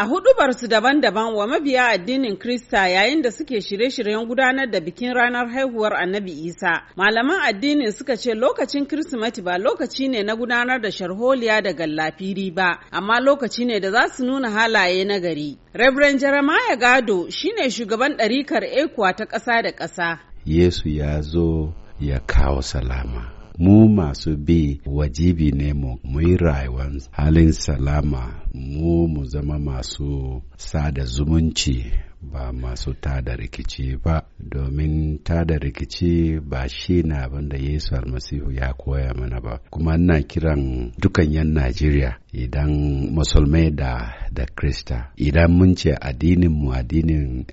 A hudubar su daban-daban wa mabiya addinin Krista yayin da suke shirye-shiryen gudanar da bikin ranar haihuwar Annabi Isa. Malaman addinin suka ce lokacin Kirsimeti ba lokaci ne na gudanar da sharholiya da gallafiri ba, amma lokaci ne da za su nuna halaye na gari. Reverend Jeremiah Gado shine shugaban ɗarikar ekuwa ta ƙasa da ƙasa. Yesu ya zo ya kawo salama. mu masu bi wajibi ne mu muyi rayuwar halin salama mu mu zama masu sada zumunci ba masu tada rikici ba domin tada rikici ba shi na abin da yesu almasihu ya koya mana ba kuma ina kiran dukan yan najeriya idan musulmai da da krista idan mun ce addinin mu addinin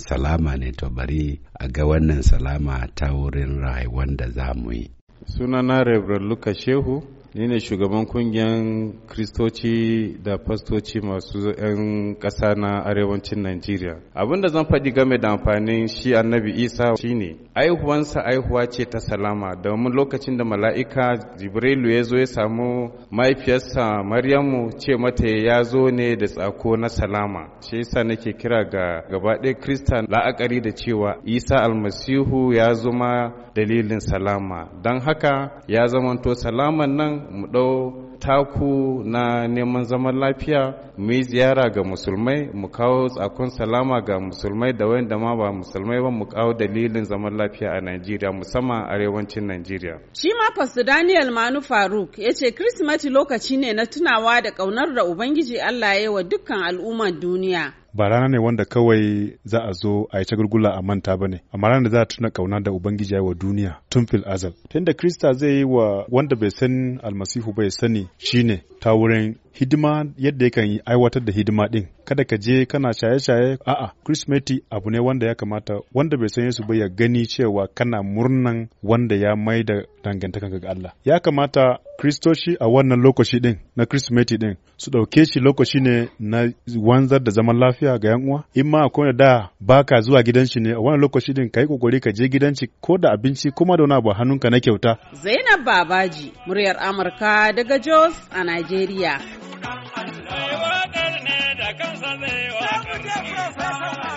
salama ne to bari a ga wannan salama ta wurin rayuwar da za mu yi sunana Reverend Luka Shehu ni ne shugaban kungiyar kristoci da fastoci masu 'yan ƙasa na arewacin najeriya da zan faɗi game da amfanin shi annabi isa shine aihuwansa aihuwa ce ta salama domin lokacin da mala'ika jibrilu ya zo ya samu mahaifiyarsa maryamu ce mata ya zo ne da tsako na salama shi yasa nake kira ga gabaɗaya krista la'akari da cewa isa almasihu ya zama dalilin salama don haka ya zamanto salaman nan một đô taku na neman zaman lafiya mu yi ziyara ga musulmai mu kawo tsakon salama ga musulmai da da ma ba musulmai ba mu kawo dalilin zaman lafiya a Najeriya musamman arewacin Najeriya. Shi ma Pastor Daniel Manu Faruk ya ce Kirsimeti lokaci ne na tunawa da kaunar da Ubangiji Allah ya wa dukkan al'ummar duniya. ba rana ne wanda kawai za a zo a yi ta gurgula a manta ba ne amma rana da za a tuna kauna da ubangiji ya wa duniya tun fil azal tun da krista zai yi wa wanda bai san almasihu bai sani shine ta wurin hidima yadda yakan aiwatar da hidima din kada ka je kana shaye-shaye a'a krismeti abu ne wanda ya kamata wanda bai san yesu ba ya gani cewa kana murnan wanda ya mai da dangantakanka ga Allah ya kamata kristoshi a wannan lokaci din na krismeti din su dauke shi lokaci ne na wanzar da zaman lafiya ga yan uwa in ma akwai da baka zuwa gidan shi ne a wannan lokaci din kai kokari ka je gidan shi ko da abinci kuma da wani abu hannunka na kyauta Zainab Babaji muryar Amurka daga Jos a Najeriya Za mu je professor